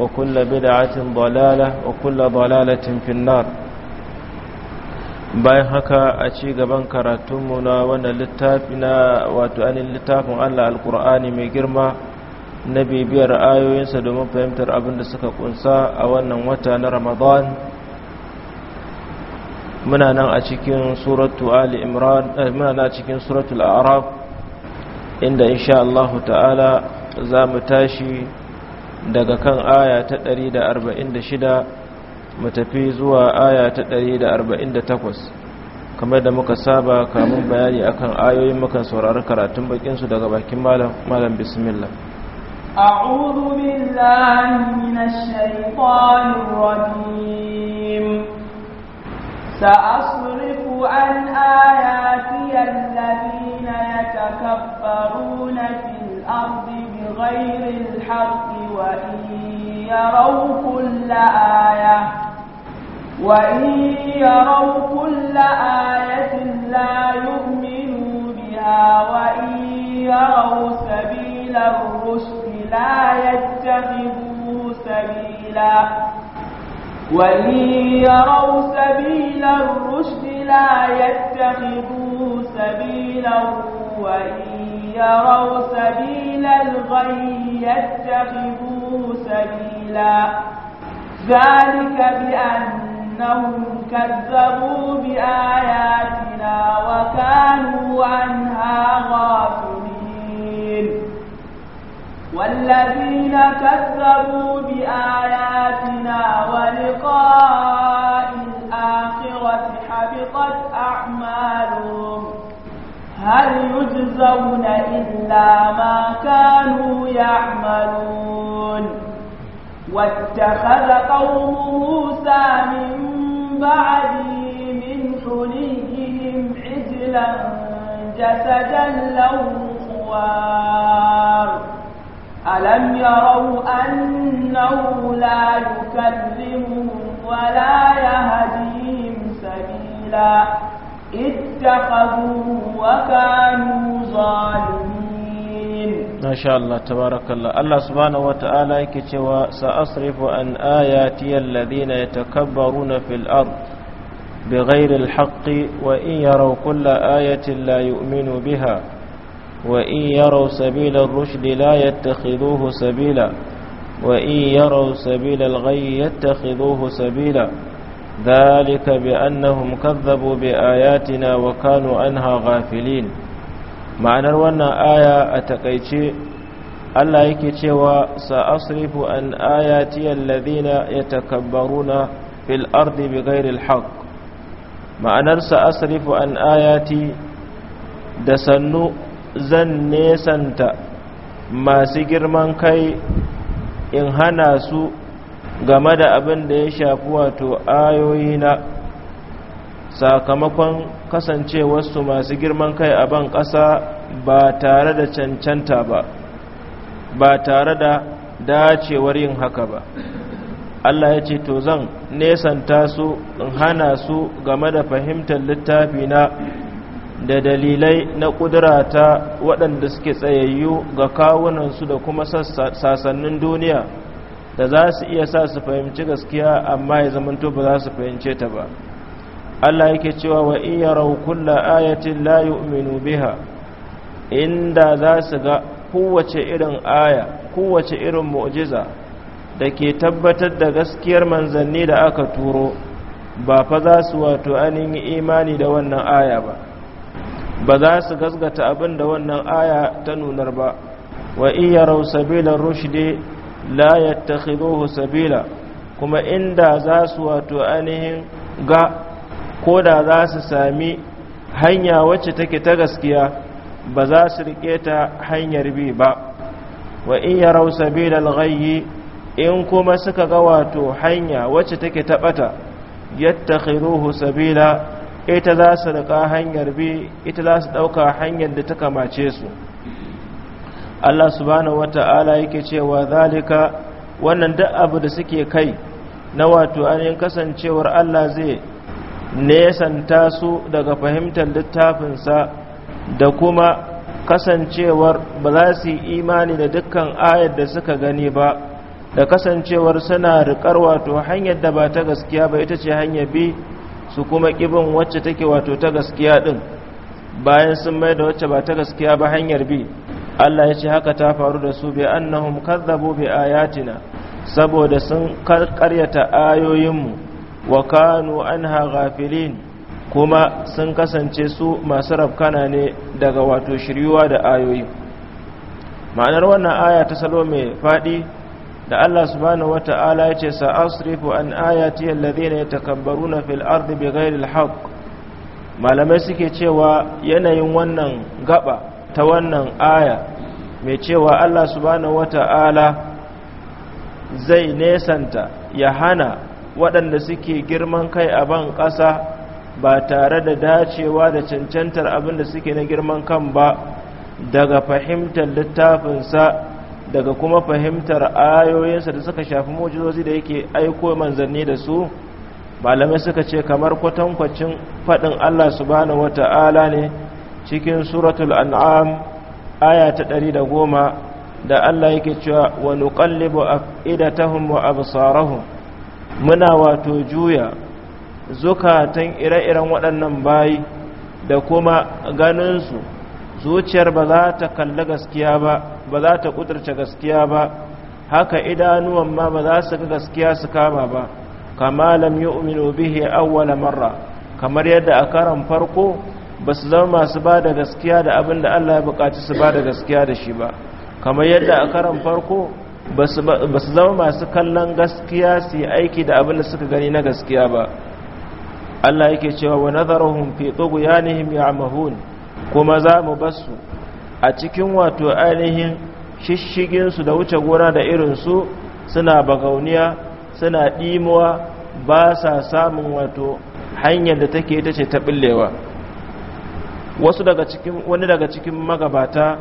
وكل بدعة ضلالة وكل ضلالة في النار bayan haka a ci gaban karatunmu na wannan littafi na wato ainihin littafin allah alkur'ani mai girma na bibiyar ra'ayoyinsa domin fahimtar abin da suka kunsa a wannan wata na ramadan muna nan a cikin suratul araf inda insha Allah ta'ala za mu tashi daga kan aya ta 146 mu tafi zuwa aya ta 148 kamar da muka saba kamun bayani akan ayoyin muka saurari karatun bakinsu daga bakin malam malam bismillah أعوذ بالله من الشيطان الرجيم سأصرف عن آياتي الذين يتكبرون في الأرض بغير الحق وإن يروا كل آية وإن يروا كل آية لا يؤمنوا بها وإن يروا سبيل الرشد لا يتخذوا سبيلا وإن يروا سبيل الرشد لا يتخذوا سبيلا وإن يروا سبيل الغي يتخذوه سبيلا ذلك بأنهم كذبوا بآياتنا وكانوا عنها غافلين والذين كذبوا بآياتنا ولقاء الآخرة حبطت أعمالهم هل يجزون إلا ما كانوا يعملون واتخذ قوم موسى من بعده من حليهم عجلا جسدا له خوار ألم يروا أنه لا يكلمهم ولا يهديهم سبيلا اتخذوه وكانوا ظالمين ما شاء الله تبارك الله الله سبحانه وتعالى يكتوى سأصرف عن آياتي الذين يتكبرون في الأرض بغير الحق وإن يروا كل آية لا يؤمنوا بها وإن يروا سبيل الرشد لا يتخذوه سبيلا وإن يروا سبيل الغي يتخذوه سبيلا ذلك بأنهم كذبوا بآياتنا وكانوا عنها غافلين ma'anar wannan aya a takaice Allah yake cewa sa'asrifu an ayati alladhina yatakabbaruna fil ardi bighairi alhaq ma'anar sa'asrifu an ayati da sannu zan nesanta masu girman kai in hana su game da abin da ya shafi wato ayoyi na sakamakon kasancewarsu masu girman kai a ban ƙasa ba tare da cancanta ba ba tare da dacewar yin haka ba Allah ya ce to zan nesanta su in hana su game da fahimtar littafi na da dalilai na ƙudurata waɗanda suke tsayayyu ga kawunansu da kuma sassannin duniya da za su iya sa su fahimci gaskiya amma ya zamanto ba za su fahimce ta ba Allah yake cewa wa in yaraw ayatin la yu'minu biha inda za su ga kowace irin aya kowace irin mu'jiza da ke tabbatar da gaskiyar manzanni da aka turo ba fa za su wato yi imani da wannan aya ba ba za su gasgata abin da wannan aya ta nunar ba wa in yaraw rushdi la yattakhiduhu sabila kuma inda za su wato ainihin ga ko da za su sami hanya wacce take ta gaskiya ba za su rike ta hanyar bi ba wa in yarau sabilal ghayyi in kuma suka ga wato hanya wacce take ta bata yattakhiruhu sabila ita za su rika hanyar bi ita za su dauka hanyar da ta kamace su Allah subhanahu wata'ala yake cewa zalika wannan duk abu da suke kai na wato ainihin kasancewar Allah zai nesanta su daga fahimtar littafinsa da kuma kasancewar ba za su yi imani da dukkan ayar da suka gani ba da kasancewar suna riƙar wato hanyar da ba ta gaskiya ba ita ce hanyar bi su kuma ƙibin wacce take wato ta gaskiya ɗin bayan sun mai da wacce ba ta gaskiya ba hanyar bi Allah ya ce haka ta faru da su bi annahum kazzabu bi ayatina saboda sun karyata ayoyinmu wa kanu anha ghafilin kuma sun kasance su masu rabkana ne daga wato shiryuwa da ayoyi ma'anar wannan aya ta salo mai faɗi da Allah subhanahu wata'ala ya ce sa asrifu an ayati alladhina yatakabbaruna fil ardi bighairi alhaq malamai suke cewa yanayin wannan gaba ta wannan aya mai cewa Allah subhanahu wata'ala zai nesanta ya hana waɗanda suke girman kai a ban ƙasa ba tare da dacewa da cancantar abin da suke na girman kan ba daga fahimtar littafinsa daga kuma fahimtar ayoyinsa da suka shafi mojizozi da yake aiko manzanni da su malamai suka ce kamar kwatankwacin faɗin Allah subhanahu wata'ala ne cikin suratul an'am aya ta ɗari da goma da Allah yake cewa wa nuqallibu afidatahum wa absarahum muna wato juya zukatan ire-iren waɗannan bayi da kuma ganinsu zuciyar ba za ta kalli gaskiya ba ba za ta kudurce gaskiya ba haka idanuwan ma ba za su ga gaskiya su kama ba kama lam yu'minu bihi awwala marra kamar yadda a karan farko ba su zama masu ba da gaskiya da abin da Allah ya bukaci su ba da gaskiya da shi ba kamar yadda a karan farko ba su zama masu kallon gaskiya su yi aiki da abin da suka gani na gaskiya ba Allah yake cewa wa nazarahum fi tughyanihim ya'mahun kuma za mu basu a cikin wato ainihin shishiginsu da wuce gona da irin su suna bagauniya suna dimuwa ba sa samun wato hanyar da take ita ce ta billewa wasu daga cikin wani daga cikin magabata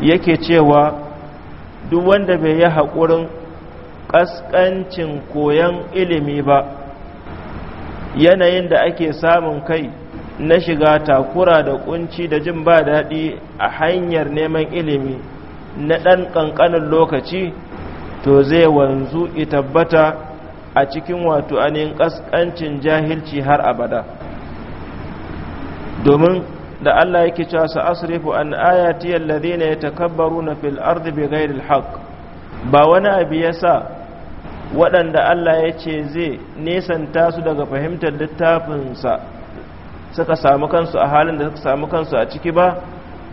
yake cewa duk wanda bai yi haƙurin ƙasƙancin koyon ilimi ba yanayin da ake samun kai na shiga takura da kunci da jin ba daɗi a hanyar neman ilimi na ɗan ƙanƙanin lokaci to zai wanzu tabbata a cikin wato anin ƙasƙancin jahilci har abada domin da Allah yake cewa sa asrifu an ayati alladhina yatakabbaruna fil ardi bighairi alhaq ba wani abu yasa waɗanda Allah ya ce zai nesanta su daga fahimtar littafinsa suka samu kansu a halin da suka samu kansu a ciki ba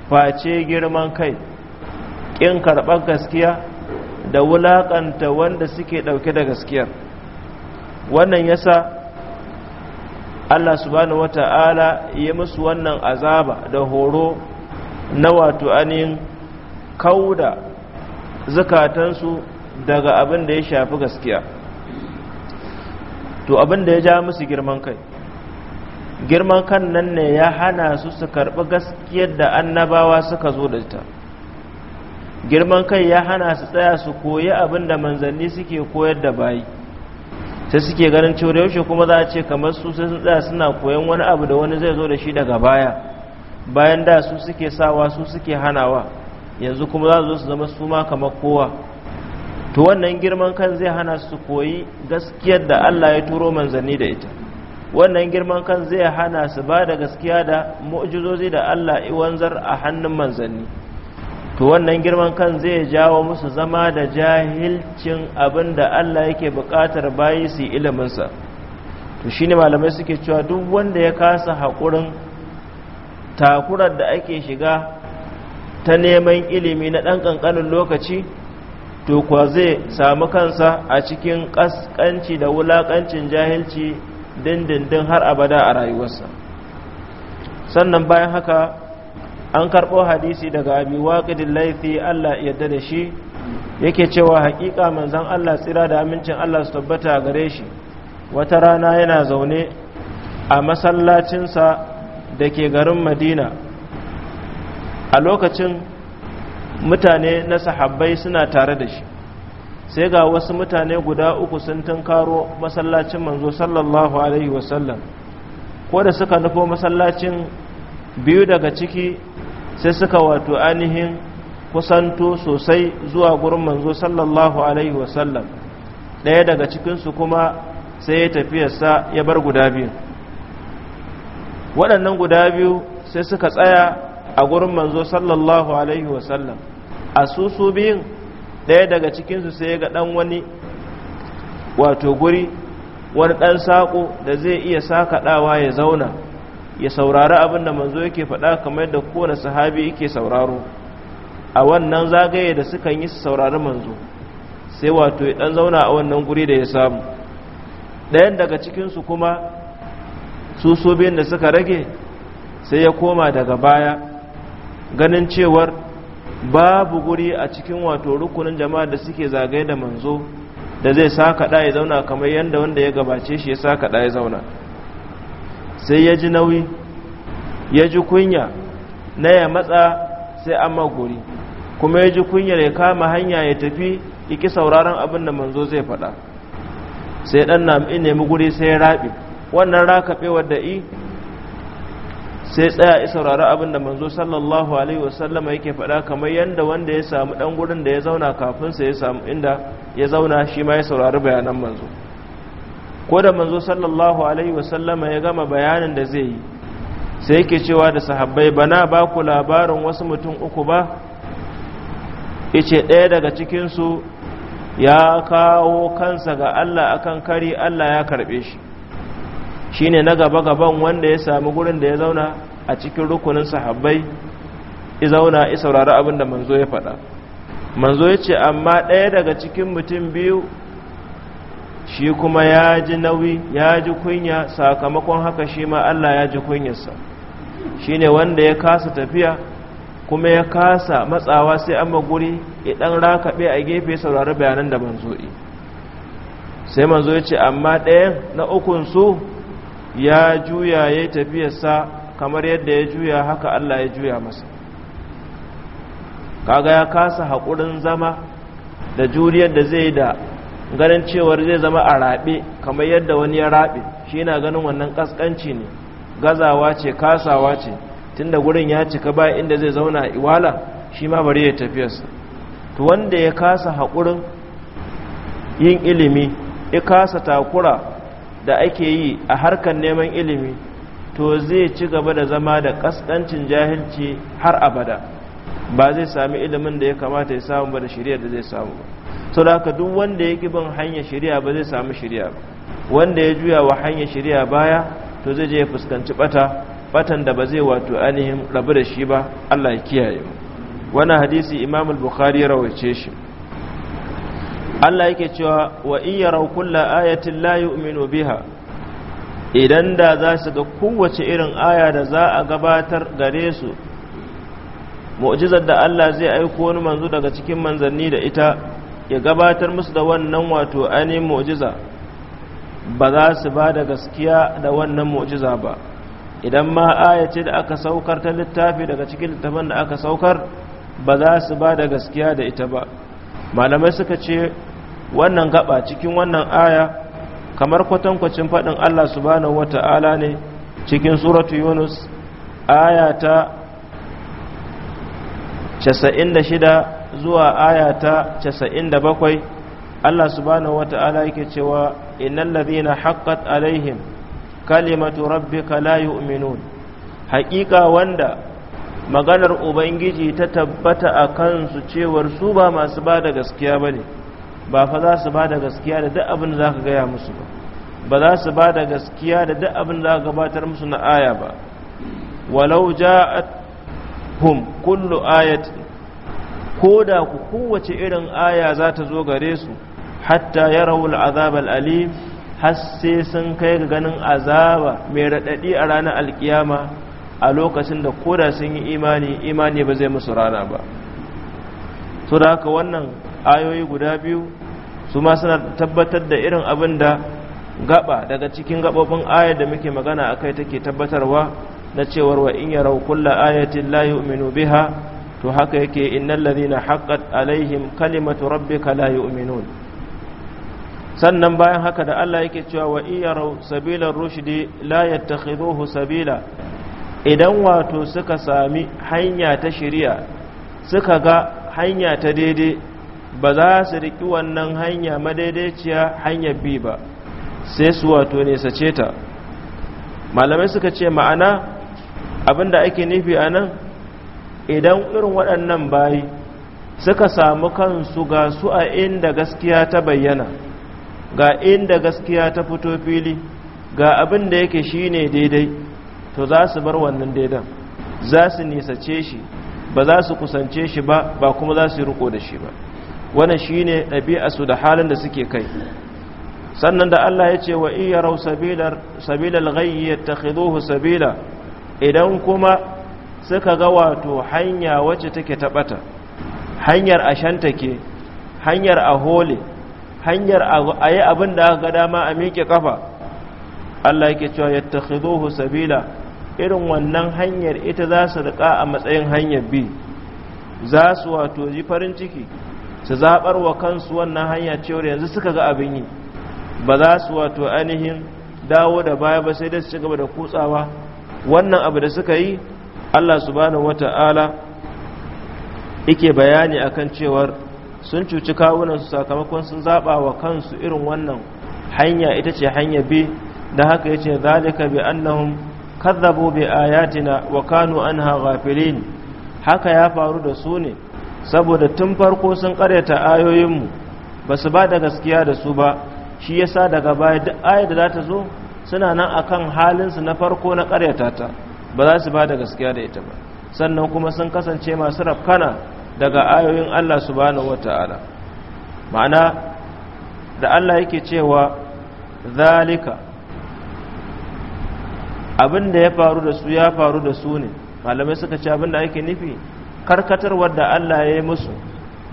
face girman kai ƙin karɓar gaskiya da wulaƙanta wanda suke ɗauke da gaskiyar wannan yasa Allah subhanahu wata'ala ya musu wannan azaba da horo na wato anin kauda zakatansu daga abin da ya shafi gaskiya to abin da ya ja musu girman kai girman kan nan ne ya hana su su karɓi gaskiyar da annabawa suka zo da ta girman kai ya hana su tsaya su koyi abin da manzanni suke koyar da bayi sai suke ganin cewar yaushe kuma za a ce kamar su sai tsaya suna koyon wani abu da wani zai zo da shi daga baya bayan da su suke sawa su suke hanawa yanzu kuma za su zo su zama su ma kamar kowa to wannan girman kan zai hana su koyi gaskiyar da Allah ya turo manzanni da ita wannan girman kan zai hana su ba da gaskiya da mu'jizozi da Allah wanzar a hannun manzanni to wannan girman kan zai jawo musu zama da jahilcin abin da Allah yake buƙatar bayi su yi iliminsa to shi ne malamai suke cewa duk wanda ya kasa haƙurin takurar da ake shiga ta neman ilimi na ɗan ƙanƙanin lokaci to kuwa zai samu kansa a cikin ƙasƙanci da wulaƙancin jahilci dindindin har abada a rayuwarsa sannan bayan haka an karɓo hadisi daga abi waqidil laifi Allah yadda da shi yake cewa haƙiƙa manzon Allah tsira da amincin Allah su tabbata gare shi wata rana yana zaune a masallacinsa da ke garin Madina a lokacin mutane na sahabbai suna tare da shi sai ga wasu mutane guda uku sun tunkaro masallacin manzo sallallahu alaihi wasallam ko da suka nufo masallacin biyu daga ciki sai suka wato ainihin kusanto sosai zuwa gurin manzo sallallahu alaihi wasallam ɗaya daga cikinsu kuma sai ya tafiyarsa ya bar guda biyu waɗannan guda biyu sai suka tsaya a gurin manzo sallallahu alaihi wasallam a susu biyun ɗaya daga cikinsu sai ga ɗan wani wato guri wani ɗan saƙo da zai iya sakaɗawa ya zauna ya saurari abin da manzo yake faɗa kamar yadda kowane sahabi yake sauraro a wannan zagaye da suka yi su saurari manzo sai wato ya ɗan zauna a wannan guri da ya samu ɗayan daga cikinsu kuma su da suka rage sai ya koma daga baya ganin cewar babu guri a cikin wato rukunin jama'a da suke zagaye da manzo da zai sa kaɗa ya zauna kamar yadda wanda ya gabace shi ya sa kaɗa ya zauna sai ya ji nauyi ya ji kunya na ya matsa sai an maguri kuma ya ji kunyar ya kama hanya ya tafi iki sauraron abin da manzo zai faɗa sai dan na nemi guri sai ya rabi wannan rakaɓe wadda i sai tsaya ya saurari abin da manzo sallallahu alaihi wasallama yake faɗa kamar yadda wanda ya samu dan gurin da ya zauna kafinsa ya samu inda ya zauna shi ma ya saurari bayanan manzo ko da manzo sallallahu alaihi wasallama ya gama bayanin da zai yi sai yake cewa da sahabbai bana ba ku labarin wasu mutum uku ba ice ɗaya daga cikinsu ya kawo kansa ga Allah akan kari Allah ya karɓe shi shine na gaba gaban wanda ya sami gurin da ya zauna a cikin rukunin sahabbai ya zauna ya saurari abin da manzo ya faɗa manzo ya ce amma ɗaya daga cikin mutum biyu shi kuma ya ji nauyi ya ji kunya sakamakon haka shi ma Allah ya ji kunyarsa shi ne wanda ya kasa tafiya kuma ya kasa matsawa sai an maguri ya ɗan rakaɓe a gefe saurari bayanan da manzo'i sai manzo ya ce amma ɗayan na ukunsu ya juya ya yi tafiyarsa kamar yadda ya juya haka Allah ya juya masa kaga ya kasa haƙurin zama da juriyar da zai da ganin cewar zai zama a raɓe kamar yadda wani ya raɓe shi yana ganin wannan ƙasƙanci ne gazawa ce kasawa ce tunda gurin ya cika ba inda zai zauna iwala shi ma bari ya tafiyarsa to wanda ya kasa haƙurin yin ilimi ya kasa takura da ake yi a harkar neman ilimi to zai ci gaba da zama da kaskancin jahilci har abada ba zai sami ilimin da ya kamata ya samu ba da shirya da zai samu ba saboda duk wanda ya ki bin hanyar shari'a ba zai samu shari'a ba wanda ya juya wa hanyar shari'a baya to zai je ya fuskanci bata batan da ba zai wato ainihin rabu da shi ba Allah ya kiyaye mu wannan hadisi Imam al-Bukhari ya rawaice shi Allah yake cewa wa in yaraw kulla ayatin la yu'minu biha idan da za su ga kowace irin aya da za a gabatar gare su mu'jizar da Allah zai aiko wani manzo daga cikin manzanni da ita ya gabatar musu da wannan wato ainihin mu'jiza ba za su ba da gaskiya da wannan mu'jiza ba idan ma aya ce da aka saukar ta littafi daga cikin littafin da aka saukar ba za su ba da gaskiya da ita ba malamai suka ce wannan gaba cikin wannan aya kamar kwatankwacin faɗin Allah Su subhanahu wata'ala ne cikin suratu yunus aya ta 96 zuwa aya ta 97 Allah subhanahu wata'ala yake cewa innal ladhina haqqat alaihim kalimatu rabbika la yu'minun haƙiƙa wanda maganar ubangiji ta tabbata a kansu cewar su ba masu ba da gaskiya ba ne ba fa za su ba da gaskiya da duk abin da za ka gaya musu ba ba za su ba da gaskiya da duk abin da za ka gabatar musu na aya ba walau ja'at hum kullu ayatin ko da ku kowace irin aya za ta zo gare su hatta ya rahul azabal alim har sai sun kai ga ganin azaba mai raɗaɗi a ranar alkiyama a lokacin da koda sun yi imani imani ba zai musu rana ba Su da haka wannan ayoyi guda biyu su ma suna tabbatar da irin abin da gaba daga cikin gabobin ayar da muke magana akai take tabbatarwa na cewar wa in yarau kulla ayatin la yu'minu biha to haka yake innal ladhina haqqat alaihim kalimatu rabbika la yu'minun sannan bayan haka da Allah yake cewa wa iyarau sabilar rushdi la yattakhiduhu sabila idan wato suka sami hanya ta shari'a suka ga hanya ta daidai ba za su riki wannan hanya madaidaiciya hanyar bi ba sai su wato ne sace ta malamai suka ce ma'ana abinda ake nufi a nan idan irin waɗannan bayi suka samu kansu ga su a inda gaskiya ta bayyana ga inda gaskiya ta fito fili ga abin da yake ne daidai to za su bar wannan daidan za su nisace shi ba za su kusance shi ba ba kuma za su riko da shi ba wannan shine su da halin da suke kai sannan da Allah ya ce wa iya rau sabilar sabilal ghayyi ta sabila idan kuma suka ga wato hanya wacce take taɓata hanyar a ke hanyar a hole hanyar a yi abin da aka ga ma a miƙe kafa Allah yake cewa ya takhiduhu sabila irin wannan hanyar ita za su riƙa a matsayin hanyar bi za su wato ji farin ciki su zaɓar wa kansu wannan hanya cewar yanzu suka ga abin yi ba za su wato ainihin dawo da baya ba sai da su ci gaba da kutsawa wannan abu da suka yi Allah subhanahu wata'ala yake bayani akan cewar sun cuci kawunan su sakamakon sun zaɓa wa kansu irin wannan hanya ita ce hanya bi da haka yace ce zalika bi annahum kazzabu bi ayatina wa kanu anha ghafilin haka ya faru da su ne saboda tun farko sun karyata ayoyinmu ba su ba da gaskiya da su ba shi yasa daga baya duk ayar da za ta zo suna nan akan halin su na farko na karyata ta ba za su ba da gaskiya da ita ba sannan kuma sun kasance masu rafkana daga ayoyin Allah subhanahu wata'ala ma'ana da Allah yake cewa zalika abin da ya faru da su ya faru da su ne malamai suka ce abin da ake nufi karkatarwar da Allah ya yi musu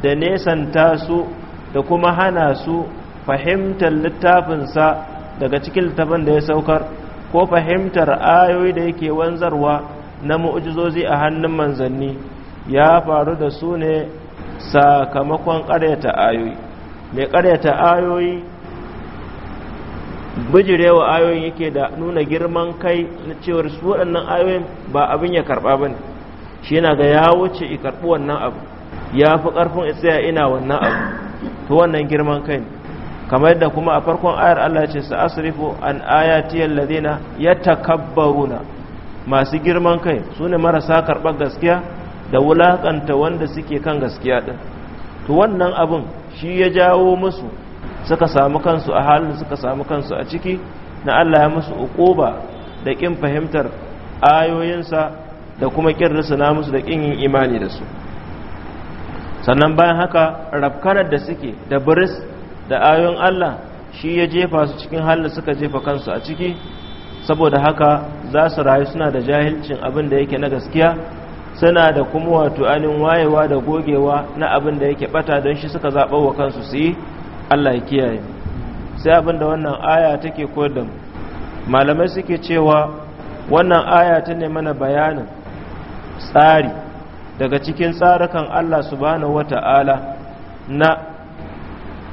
da nesanta su da kuma hana su fahimtar littafinsa daga cikin littafin da ya saukar ko fahimtar ayoyi da yake wanzarwa na mu'ujizozi a hannun manzanni ya faru da su ne sakamakon ƙaryata ayoyi mai ƙaryata ayoyi bijirewa ayoyin yake da nuna girman kai na cewar su waɗannan ayoyin ba abin ya karɓa ba ne shi yana ga ya wuce i karɓi wannan abu ya fi ƙarfin tsaya ina wannan abu ta wannan girman kai ne kamar yadda kuma a farkon ayar Allah ce su asrifu an ayatiyar ladina ya takabbaruna masu girman kai su ne marasa karɓar gaskiya da wulaƙanta wanda suke kan gaskiya ɗin to wannan abin shi ya jawo musu suka samu kansu a halin suka samu kansu a ciki na Allah ya musu uquba da ƙin fahimtar ayoyinsa da kuma kin risana musu da ƙin yin imani da su sannan bayan haka rafkanar da suke da biris da ayoyin Allah shi ya jefa su cikin halin suka jefa kansu a ciki saboda haka za su rayu suna da jahilcin abin da yake na gaskiya suna da kuma wato anin wayewa da gogewa na abin da yake bata don shi suka zaɓa wa kansu su yi Allah ya kiyaye sai abin da wannan aya take koyar malamai suke cewa wannan aya ta ne mana bayanin tsari daga cikin tsarukan Allah subhanahu wata'ala na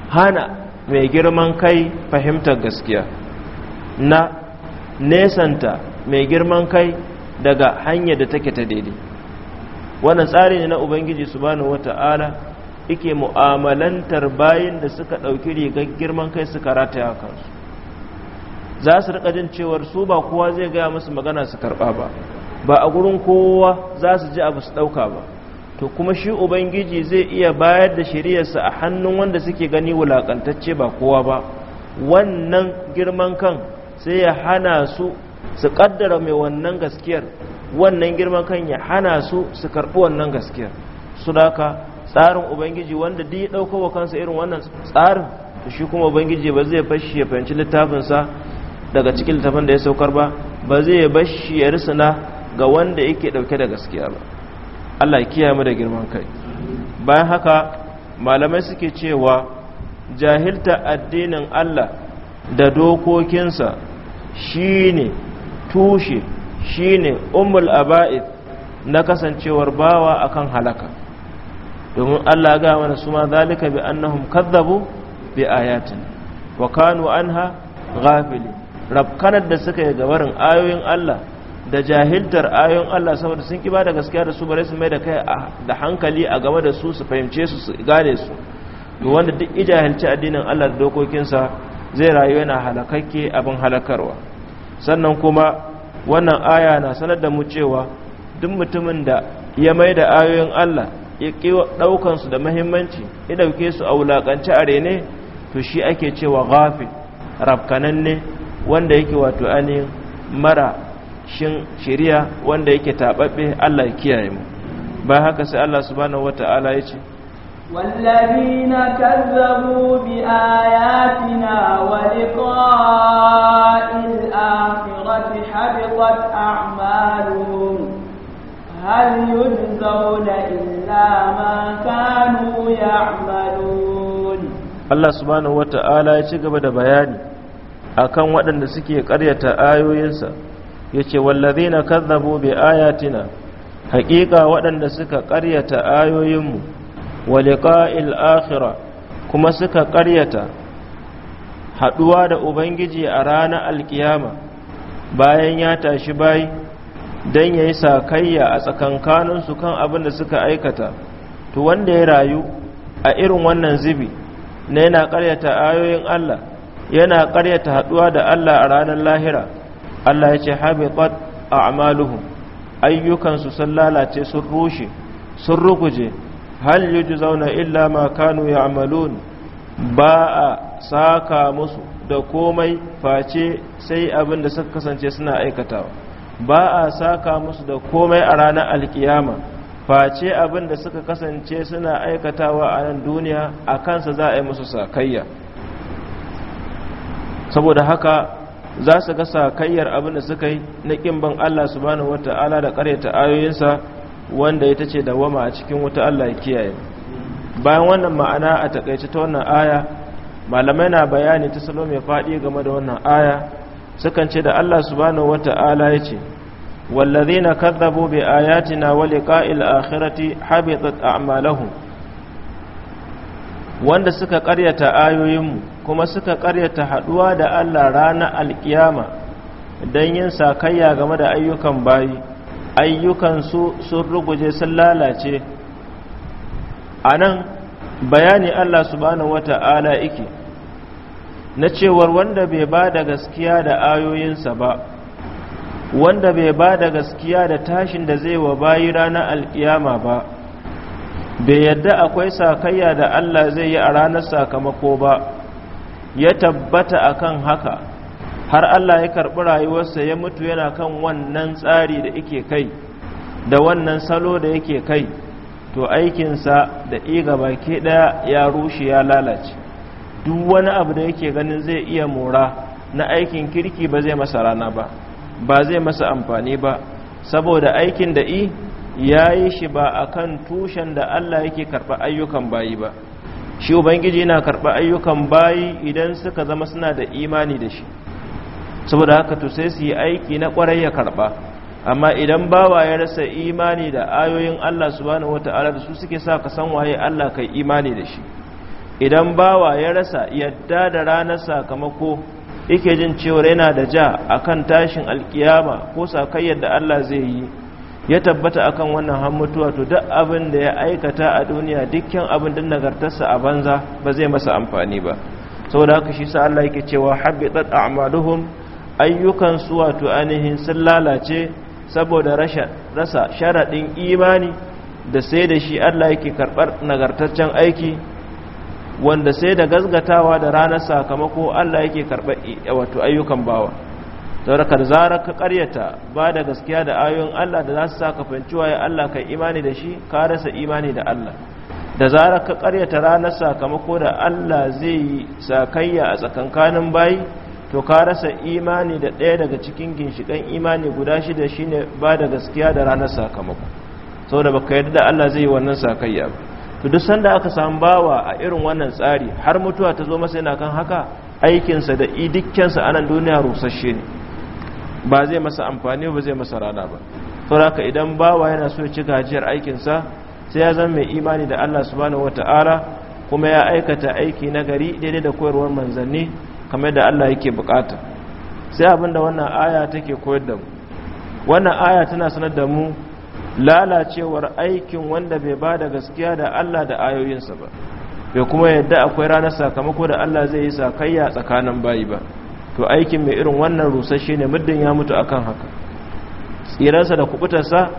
hana mai girman kai fahimtar gaskiya na nesanta mai girman kai daga hanyar da take ta daidai wannan tsari ne na ubangiji subhanahu wata'ala yake mu'amalantar bayan da suka ɗauki rigar girman kai suka rataya kansu za su rika jin cewar su ba kowa zai gaya musu magana su karɓa ba ba a gurin kowa za su ji abu su ɗauka ba to kuma shi ubangiji zai iya bayar da shari'arsa a hannun wanda suke gani wulakantacce ba kowa ba wannan girman kan sai ya hana su su kaddara mai wannan gaskiyar wannan girman kan ya hana su su karɓi wannan gaskiyar su tsarin ubangiji wanda duk ya wa kansa irin wannan tsarin to shi kuma ubangiji ba zai fashi ya fahimci littafinsa daga cikin littafin da ya saukar ba ba zai bashi ya risana ga wanda yake ɗauke da gaskiya ba Allah ya mu da girman kai bayan haka malamai suke cewa jahilta addinin Allah da dokokinsa shine tushe shine ummul aba'id na kasancewar bawa akan halaka domin Allah ga mana su ma zalika bi annahum kadzabu bi ayatin wa kanu anha ghafili rabkanar da suka yi gabarin ayoyin Allah da jahiltar ayon Allah saboda sun ƙi ba da gaskiya da su bare su mai da kai da hankali a game da su su fahimce su su gane su to wanda duk jahilci addinin Allah da dokokinsa zai rayu yana halakakke abin halakarwa sannan kuma wannan aya na sanar da mu cewa duk mutumin da ya mai da ayoyin Allah ya ƙi ɗaukansu da muhimmanci ya dauke su a wulakanci a rene to shi ake cewa ghafil rafkananne wanda yake wato ainihin mara shin shiriya wanda yake taɓaɓe Allah ya kiyaye mu ba haka sai Allah subhanahu wata'ala ya ce wallazina kazzabu bi ayatina wa liqa'il akhirati habitat a'maluhum hal yunzauna illa ma kanu ya'malun Allah subhanahu wata'ala ya ci gaba da bayani akan waɗanda suke ƙaryata ayoyinsa yace na kazzabu bi ayatina haƙiƙa waɗanda suka ƙaryata ayoyinmu wa liqa'il kuma suka ƙaryata haɗuwa da ubangiji a ranar alkiyama bayan ya tashi bayi don ya yi sakayya a tsakankaninsu kan abin da suka aikata to wanda ya rayu a irin wannan zibi na yana ƙaryata ayoyin Allah yana ƙaryata haɗuwa da Allah a ranar lahira Allah ya ce habitat a'maluhum ayyukansu sun lalace sun rushe sun ruguje hal yujzauna illa ma kanu ya'malun ba a saka musu da komai face sai abin da suka kasance suna aikatawa ba a saka musu da komai a ranar alkiyama face abin da suka kasance suna aikatawa a nan duniya a kansa za a yi musu sakayya saboda haka za su ga sakayyar abin da suka yi na ƙin ban Allah subhanahu wata'ala da ƙaryata ayoyinsa wanda ita ce dawama a cikin wuta Allah ya kiyaye bayan wannan ma'ana a takaice ta wannan aya malamai na bayani ta salo mai faɗi game da wannan aya sukan ce da Allah subhanahu wata'ala ya ce wallazina kadzabu bi ayatina wa liqa'il akhirati habitat a'maluhum wanda suka ƙaryata ayoyinmu kuma suka karyata haduwa da Allah rana alkiyama don yin sakayya game da ayyukan bayi ayyukansu sun ruguje sun lalace a nan bayani Allah subhanahu wata'ala iki na cewar wanda bai ba da gaskiya da ayoyinsa ba wanda bai ba da gaskiya da tashin da zai wa bayi ranar alkiyama ba bai yadda akwai sakayya da Allah zai yi a ranar sakamako ba ya tabbata a kan haka har Allah ya karɓi rayuwarsa ya mutu yana kan wannan tsari da yake kai da wannan salo da yake kai to aikinsa da iga baki ɗaya ya rushe ya lalace duk wani abu da yake ganin zai iya mora na aikin kirki ba zai masa rana ba ba zai masa amfani ba saboda aikin da i ya yi shi ba akan tushen da Allah yake karɓa ayyukan bayi ba shi ubangiji yana karɓa ayyukan bayi idan suka zama suna da imani da shi saboda haka to sai su yi aiki na ƙwarai ya karɓa amma idan bawa ya rasa imani da ayoyin Allah subhanahu wata'ala da su suke sa ka san waye Allah kai imani da shi idan bawa ya rasa yadda da ranar sakamako yake jin cewa yana da ja akan tashin alkiyama ko sakayyar da Allah zai yi ya tabbata akan wannan hammutuwa to duk abin da ya aikata a duniya dukkan abin da nagartarsa a banza ba zai masa amfani ba saboda haka shi sa Allah yake cewa habitat a'maluhum ayyukan su wato ainihin sun lalace saboda rasa sharadin imani da sai da shi Allah yake karbar nagartaccen aiki wanda sai da gazgatawa da ranar sakamako Allah yake karbar wato ayyukan bawa saboda da zarar ka karyata ba da gaskiya da ayoyin Allah da za su saka fahimci ya Allah kai imani da shi ka rasa imani da Allah da zarar ka karyata ranar sakamako da Allah zai yi sakayya a tsakankanin bayi to ka rasa imani da ɗaya daga cikin ginshikan imani guda shida ne ba da gaskiya da ranar sakamako saboda baka yarda da Allah zai yi wannan sakayya ba to duk sanda aka samu bawa a irin wannan tsari har mutuwa ta zo masa yana kan haka aikinsa da idikkensa anan duniya rusasshe ne ba zai masa amfani ba zai masa rana ba saboda idan bawa yana so ya ci gajiyar aikinsa sai ya zama mai imani da Allah subhanahu wata'ala kuma ya aikata aiki na gari daidai da koyarwar manzanni kamar da Allah yake bukata sai abinda wannan aya take koyar da mu wannan aya tana sanar da mu lalacewar aikin wanda bai ba da gaskiya da Allah da ayoyinsa ba bai kuma yadda akwai ranar sakamako da Allah zai yi sakayya tsakanin bayi ba to aikin mai irin wannan rusashe ne muddin ya mutu akan haka tsirarsa da kubutarsa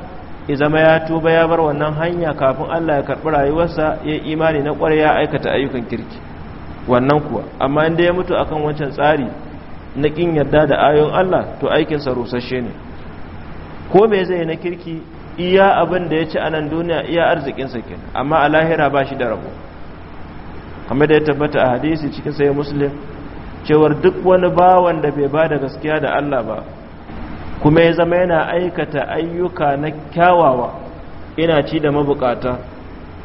ya zama ya tuba ya bar wannan hanya kafin Allah ya karɓi rayuwarsa ya imani na ƙwarai ya aikata ayyukan kirki wannan kuwa amma inda ya mutu akan wancan tsari na ƙin yarda da ayon Allah to aikinsa rusashe ne ko me zai na kirki iya abin da ya ci a nan duniya iya arzikinsa kenan amma a lahira ba shi da rabo kamar da ya tabbata a hadisi cikin sayi muslim cewar duk wani bawan da bai ba da gaskiya da Allah ba kuma ya zama yana aikata ayyuka na kyawawa ina ci da mabukata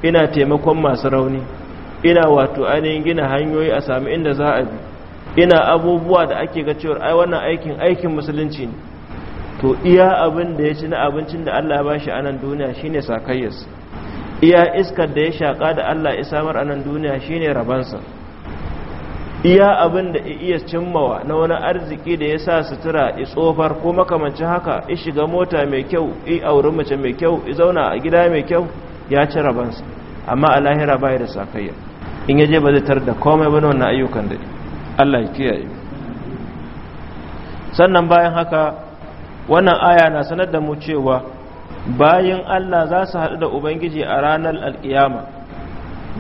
ina taimakon masu rauni ina wato ainihin gina hanyoyi a sami inda za a bi ina abubuwa da ake ga cewar ai wannan aikin aikin musulunci ne to iya abin da ya ci na abincin da Allah ya bashi a nan duniya shine sakayyarsa iya iskar da ya shaka da Allah ya samar a nan duniya shine rabansa iya abin da iya cimmawa na wani arziki da ya sa sutura i tsofar ko makamancin haka i shiga mota mai kyau i auri mace mai kyau i zauna a gida mai kyau ya ci rabansa amma a lahira da sakayya in yaje ba zai tar da komai ba wannan ayyukan da Allah ya kiyaye sannan bayan haka wannan aya na sanar da mu cewa bayan Allah za su haɗu da Ubangiji a ranar alkiyama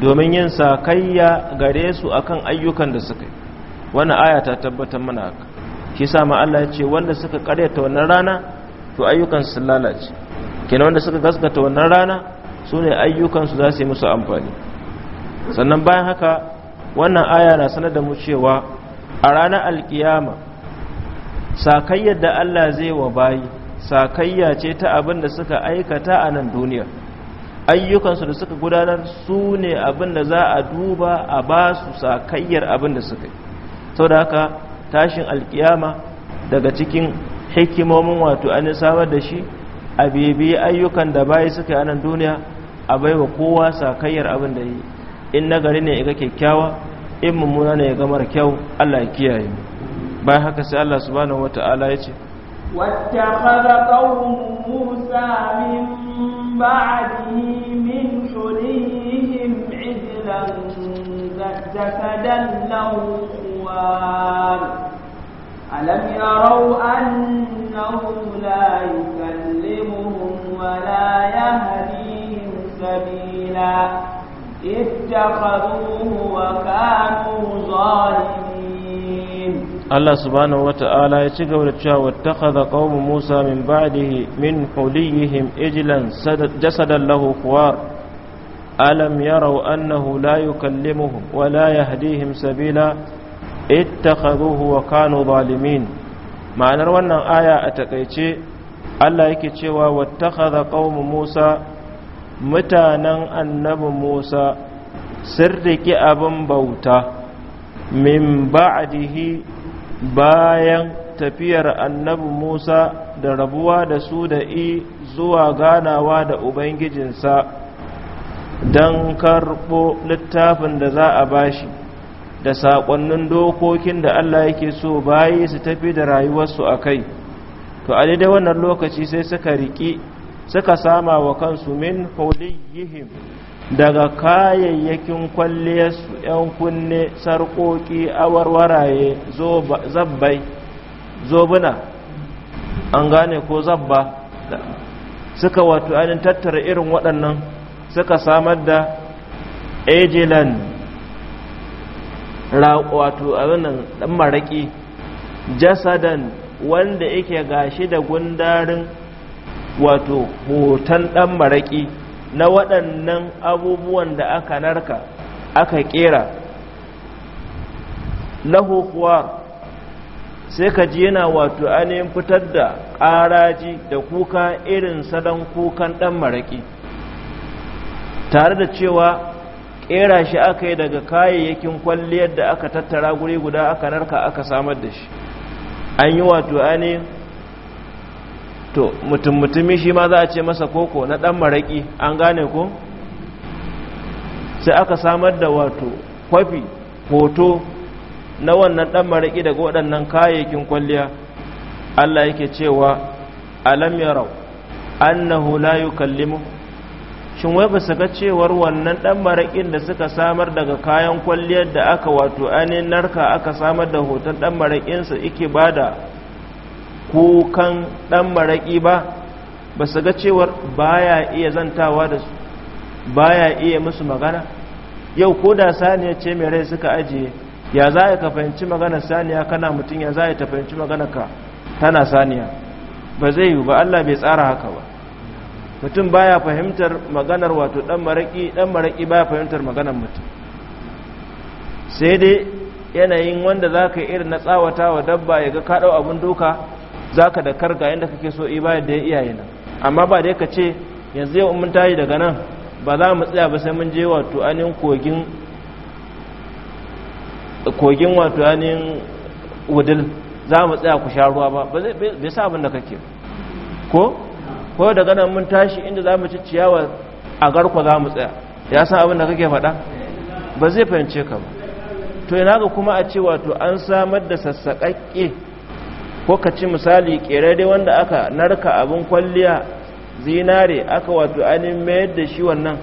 domin yin sakayya gare su akan ayyukan da suka yi wani aya ta tabbatar mana haka shi sa ma Allah ya ce wanda suka ta wannan rana to ayyukan su lalace kenan wanda suka gaskata wannan rana su ne ayyukan su za su yi musu amfani sannan bayan haka wannan aya na sanar da mu cewa a ranar alkiyama sakayyar da Allah zai wa bayi sakayya ce ta abin da suka aikata a nan duniyar ayyukansu da suka gudanar su ne abin da za a duba a ba su sakayyar abin da suka yi sau da haka tashin alkiyama daga cikin hikimomin wato an samar da shi a bibi ayyukan da bayi suka yi a nan duniya a baiwa kowa sakayyar abin da yi in gari ne ya ga kyakkyawa in mummuna ne ya ga mara kyau allah ya kiyaye mu bayan haka sai allah subhanahu wata'ala ya ce واتخذ قوم موسى من بعده من حليهم عجلا جسدا له خوار ألم يروا أنه لا يكلمهم ولا يهديهم سبيلا اتخذوه وكانوا ظالمين Allah subhanahu wata'ala ya ci gaba da cewa wattakhadha qaumu Musa min ba'dihi min huliyihim ijilan jasadan lahu khuwar alam yarau annahu la yukallimuhum wa la yahdihim sabila ittakhadhuhu wa kanu zalimin ma'anar wannan aya a takeice Allah yake cewa wattakhadha qaumu Musa mutanen annabi Musa sirriki abin bauta min ba'dihi bayan tafiyar annabi Musa da rabuwa da su da i zuwa ganawa da Ubangijinsa don karɓo littafin da za a shi da saƙonnin dokokin da Allah yake so bayi su tafi da rayuwarsu a kai to a daidai wannan lokaci sai suka riƙi suka sama wa kansu min huliyihim daga kayayyakin kwalliyarsu 'yan kunne sarƙoƙi awarwaraye zabbai zobuna an gane ko zabba suka wato ainihin tattara irin waɗannan suka samar da ejilan wato abinan ɗan maraƙi jasadan wanda yake gashi da gundarin wato hoton ɗan maraƙi na waɗannan abubuwan da aka narka aka ƙera lahu kuwa sai ka ji yana wato ainihin fitar da ƙaraji da kuka irin salon kukan ɗan maraƙi tare da cewa ƙera shi aka yi daga kayayyakin kwalliyar da aka tattara guri guda aka narka aka samar da shi an yi wato ainihin to mutum mutumi shi ma za a ce masa koko na dan maraki an gane ko sai aka samar da wato kwafi hoto na wannan dan maraki daga waɗannan kayayyakin kwalliya Allah yake cewa alam yarau annahu la yukallimu shin wai ba su ga cewar wannan dan marakin da suka samar daga kayan kwalliyar da aka wato ainihin narka aka samar da hoton dan marakinsa yake bada kukan ɗan maraƙi ba ba su ga cewar baya iya zantawa da su baya iya musu magana yau ko da saniya ce mai rai suka ajiye ya za ka fahimci magana saniya kana mutum ya za ta fahimci magana ka tana saniya ba zai yi ba Allah bai tsara haka ba mutum baya fahimtar maganar wato ɗan maraƙi dan maraki baya fahimtar maganar mutum sai dai yanayin wanda za ka irin na tsawata wa dabba ya ga ka ɗau abin doka Za ka da karga yadda kake so ibada eh, da iyaye nan amma ba dai ka ce yanzu yau mun tashi daga nan ba za mu tsaya ba sai mun je wato anin kogin kogin wato anin wudil za mu tsaya ku sha ruwa ba bai sa abin da kake ko ko daga nan mun tashi inda za mu ci ciyawa a garko za mu tsaya ya san abin da kake faɗa ba zai fahimce ka ba to yana ga kuma a ce wato an samar da sassaƙaƙƙe ko ka ci misali dai wanda aka narka abin kwalliya zinare aka wato ainihin mayar da shi wannan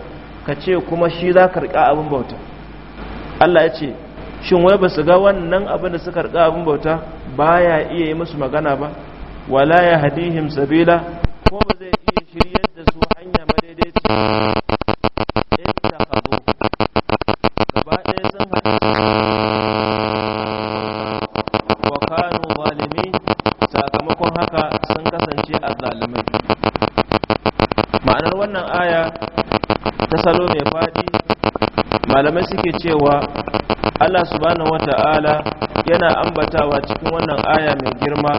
ka ce kuma shi za ka riƙa abin bauta Allah ya ce shin wai ba su ga wannan abin da suka rika abin bauta ba ya iya yi musu magana ba wala ya hadihim sabila ko ba zai iya shiryar da su hanya madaidaiciya subhanahu wata'ala yana ambatawa cikin wannan aya mai girma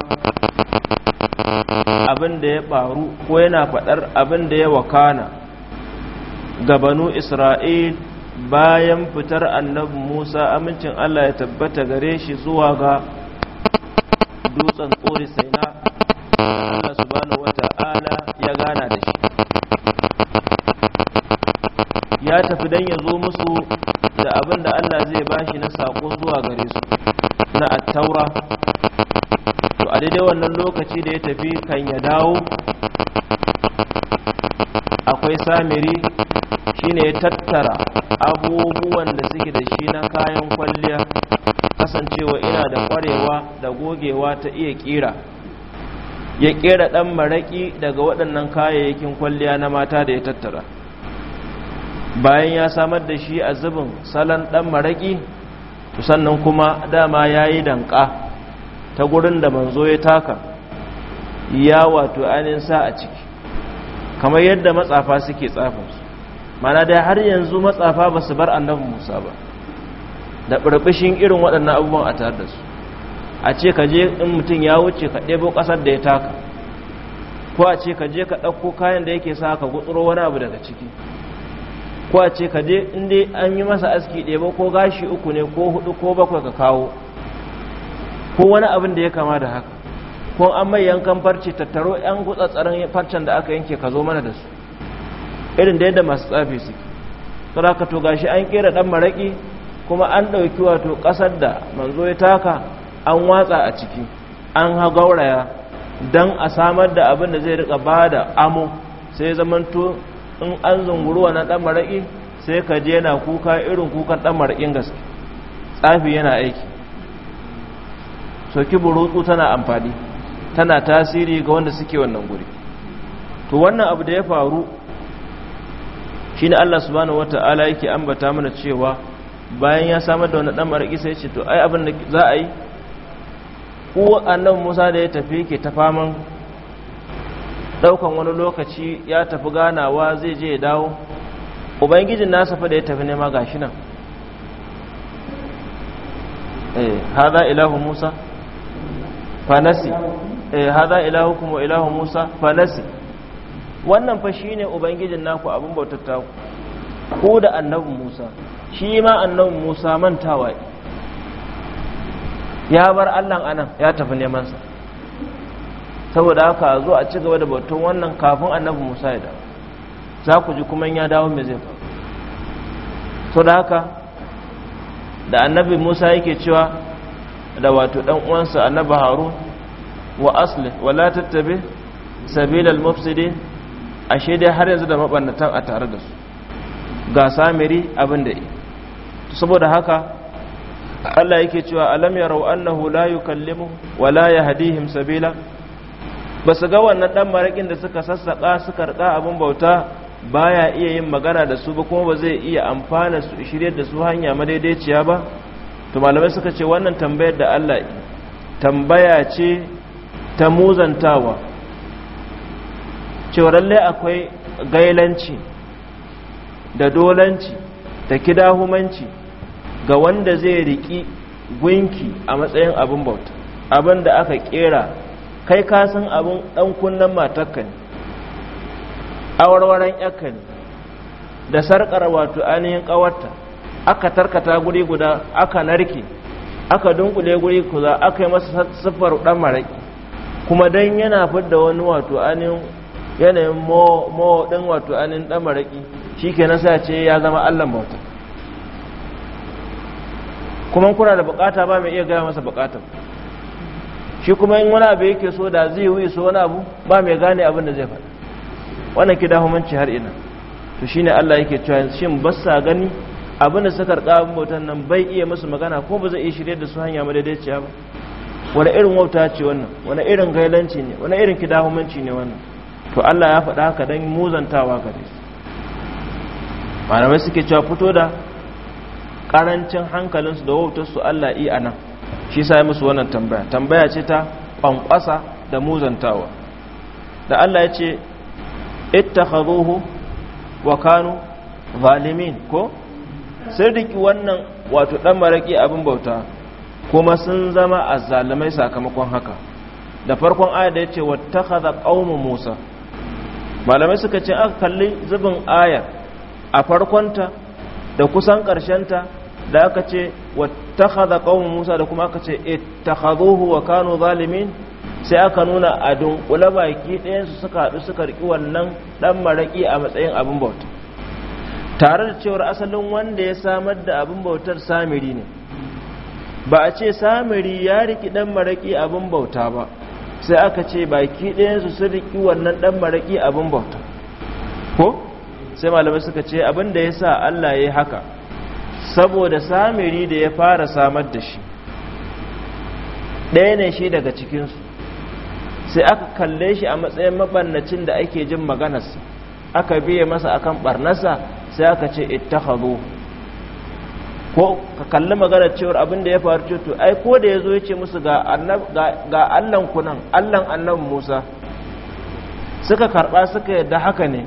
abin da ya faru ko yana faɗar abin da ya wakana gabanu isra'il bayan fitar annabi musa amincin allah ya tabbata gare shi zuwa ga ne ya tattara abubuwan da suke da shi na kayan kwalliya kasancewa ina da kwarewa da gogewa ta iya kira ya kera dan maraki daga waɗannan kayayyakin kwalliya na mata da ya tattara bayan ya samar da shi a zubin salon dan maraki sannan kuma dama ya yi danka ta gurin da manzo ya taka ya wato ainihin sa a ciki kamar yadda matsafa suke tsafinsu mana da har yanzu matsafa ba su bar annabin musa ba da burbushin irin waɗannan abubuwan a tare da su a ce ka je in mutum ya wuce ka ɗebo ƙasar da ya taka ko a ce ka je ka ɗauko kayan da yake sa ka gutsuro wani abu daga ciki ko a ce ka je inda an yi masa aski ɗebo ko gashi uku ne ko hudu ko bakwai ka kawo ko wani abin da ya kama da haka ko an mai yankan farce tattaro yan gutsatsarin farcen da aka yanke ka zo mana da su irin da yadda masu tsafi suke ka to gashi an kera dan maraki kuma an ɗauki wato ƙasar da manzo ya taka an watsa a ciki an gauraya dan a samar da abin da zai rika ba da amo sai zamanto in an zunguruwa na ɗan maraƙi sai ka je yana kuka irin kukan ɗan maraƙin gaske tsafi yana aiki Sauki burutsu tana amfani tana tasiri ga wanda suke wannan guri to wannan abu da ya faru ne Allah subhanahu wataala yake ambata mana cewa bayan ya samar da wani dan maraki sai ce to ai abin da za a yi uwa annabi Musa da ya tafi ke ta faman daukan wani lokaci ya tafi ganawa zai je ya dawo ubangijin nasa fa da ya tafi nema gashi nan eh hada ilahu Musa fanasi eh, kuma ilahu Musa fanasi wannan fa shi ne ubangijin naku abin bautar ku ko da annabi Musa shi ma annabi Musa mantawa ya bar Allah anan ya tafi neman sa saboda haka zo a ci gaba da bautan wannan kafin annabi Musa ya dawo za ku ji kuma ya dawo mai zai faru da haka da annabi Musa yake cewa da wato dan uwansa annabi Harun wa asli wala tattabi sabilal mufsidin ashe dai har yanzu da mabannatan a tare da su ga samiri abin da yi saboda haka Allah yake cewa alam yarau annahu la yukallimu wa la yahdihim sabila ba su ga wannan dan marakin da suka sassaka suka rika abin bauta baya iya yin magana da su ba kuma ba zai iya amfana su shiryar da su hanya madaidaiciya ba to malamai suka ce wannan tambayar da Allah tambaya ce ta muzantawa cewar akwai gailanci da dolanci da kidahumanci ga wanda zai riki gunki a matsayin abin bauta abin da aka kera kai kasan abin dan kunnen matakka ne awarwaran yakka ne da sarkar wato ainihin kawarta aka tarkata guri guda aka narke aka dunkule guri kuza aka yi masa siffar dan maraki kuma dan yana fidda wani wato ainihin yanayin mo wato anin ɗan maraƙi shi ke nasa ce ya zama allan bauta kuma kuna da bukata ba mai iya gaya masa bukata shi kuma in wani abu yake so da zai yi so wani abu ba mai gane abin da zai faɗi wannan ki dahumanci har ina to shi ne allah yake cewa shin ba sa gani abin da suka karɓa abin bautan nan bai iya masu magana ko ba zai iya shirya da su hanya madaidaiciya ba wani irin wauta ce wannan wani irin gailanci ne wani irin kidahumanci ne wannan to Allah ya faɗa haka don muzantawa gare su malamai suke cewa fito da ƙarancin hankalinsu da wautarsu Allah iya nan shi sa yi musu wannan tambaya tambaya ce ta ƙwanƙwasa da muzantawa da Allah ya ce ittakhaduhu wa kanu valimin ko sun riki wannan wato ɗan maraƙi abin bauta kuma sun zama azzalimai sakamakon haka da farkon aya da yace haza ƙaunin musa malamai suka ce aka kalli zubin ayar a farkonta da kusan ta da aka ce haza qaumu Musa da kuma aka ce ittakhadhuhu wa kano zalimin sai aka nuna a dunkule baki ɗayan suka haɗu suka riki wannan ɗan maraƙi a matsayin abin bauta tare da cewar asalin wanda ya samar da abin bautar samiri ne ba a ce samiri ya riki ɗan maraƙi abin bauta ba sai aka ce baki ɗayansu sun riƙi wannan ɗan maraƙi abin bauta ko sai malamai suka ce abin da ya sa allah ya yi haka saboda samiri da ya fara samar da shi ɗaya ne shi daga cikinsu sai aka kalle shi a matsayin maɓannacin da ake jin maganarsa aka biya masa akan ɓarnarsa sai aka ce ittakhadhu ko ka kalli maganar cewar abin da ya faru ce ai ko da ya zo ya ce musu ga allan kunan allan annan musa suka karba suka yadda haka ne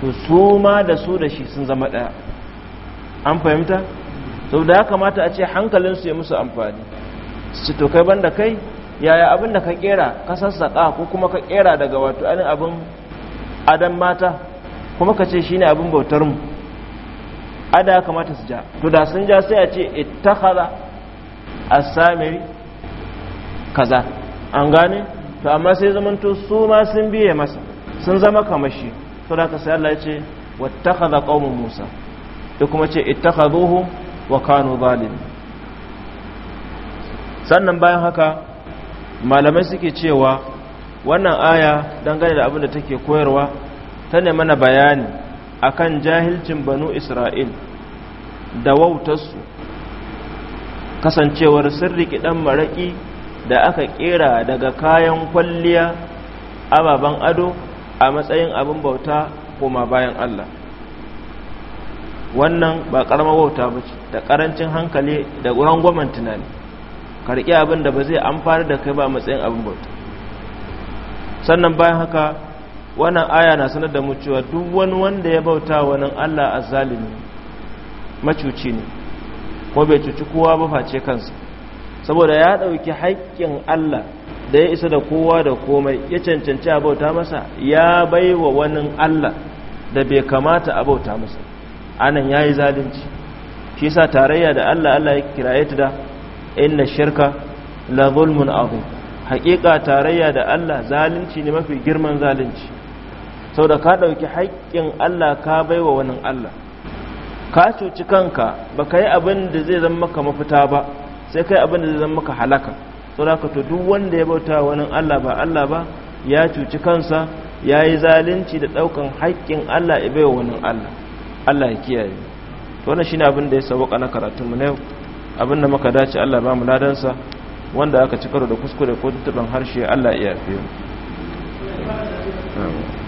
to su ma da su da shi sun zama ɗaya an fahimta sau da ya kamata a ce hankalinsu ya musu amfani su to kai banda kai yaya abin da ka kera ka sassaka ko kuma ka kera daga wato ainihin abin adam mata kuma ka ce shine abin bautar mu ada ya kamata su ja to da sun ja sai a ce ittakhadha as-samiri kaza an gane to amma sai to su ma sun biye masa sun zama kamar shi to da ka sai Allah ya ce wattakhadha qaumun Musa to kuma ce ittakhadhuhu wa kanu zalim sannan bayan haka malamai suke cewa wannan aya dangane da abin da take koyarwa ta ne mana bayani akan jahilcin banu isra'il da wautarsu kasancewar sirri kiɗan maraƙi da aka ƙera daga kayan kwalliya ababen ado a matsayin abin bauta koma bayan Allah wannan ba ƙarama wauta ba ce da ƙarancin hankali da rangwamen tunani karki abin da ba zai amfani da kai ba matsayin abin bauta sannan bayan haka wannan aya na sanar da mu duk wani wanda ya bauta wani Allah azzalimi macuci ne ko bai cuci kowa ba face kansa saboda ya dauki haƙƙin Allah da ya isa da kowa da komai ya cancanci a bauta masa ya wa wani Allah da bai kamata a bauta masa anan yayi zalunci shi yasa tarayya da Allah Allah ya kiraye ta da inna shirka la zulmun azim haƙiƙa tarayya da Allah zalunci ne mafi girman zalunci da ka ɗauki haƙƙin Allah ka baiwa wani Allah ka cuci kanka ba ka yi abin da zai zama maka mafita ba sai kai abin da zai zama maka halaka da ka to duk wanda ya bauta wani Allah ba Allah ba ya cuci kansa ya yi zalunci da ɗaukan haƙƙin Allah ya baiwa wani Allah Allah ya kiyaye to wannan shine abin da ya sauka na karatun mu ne abin da muka dace Allah ba mu ladansa wanda aka ci karo da kuskure ko tuntuban harshe Allah ya yafe mu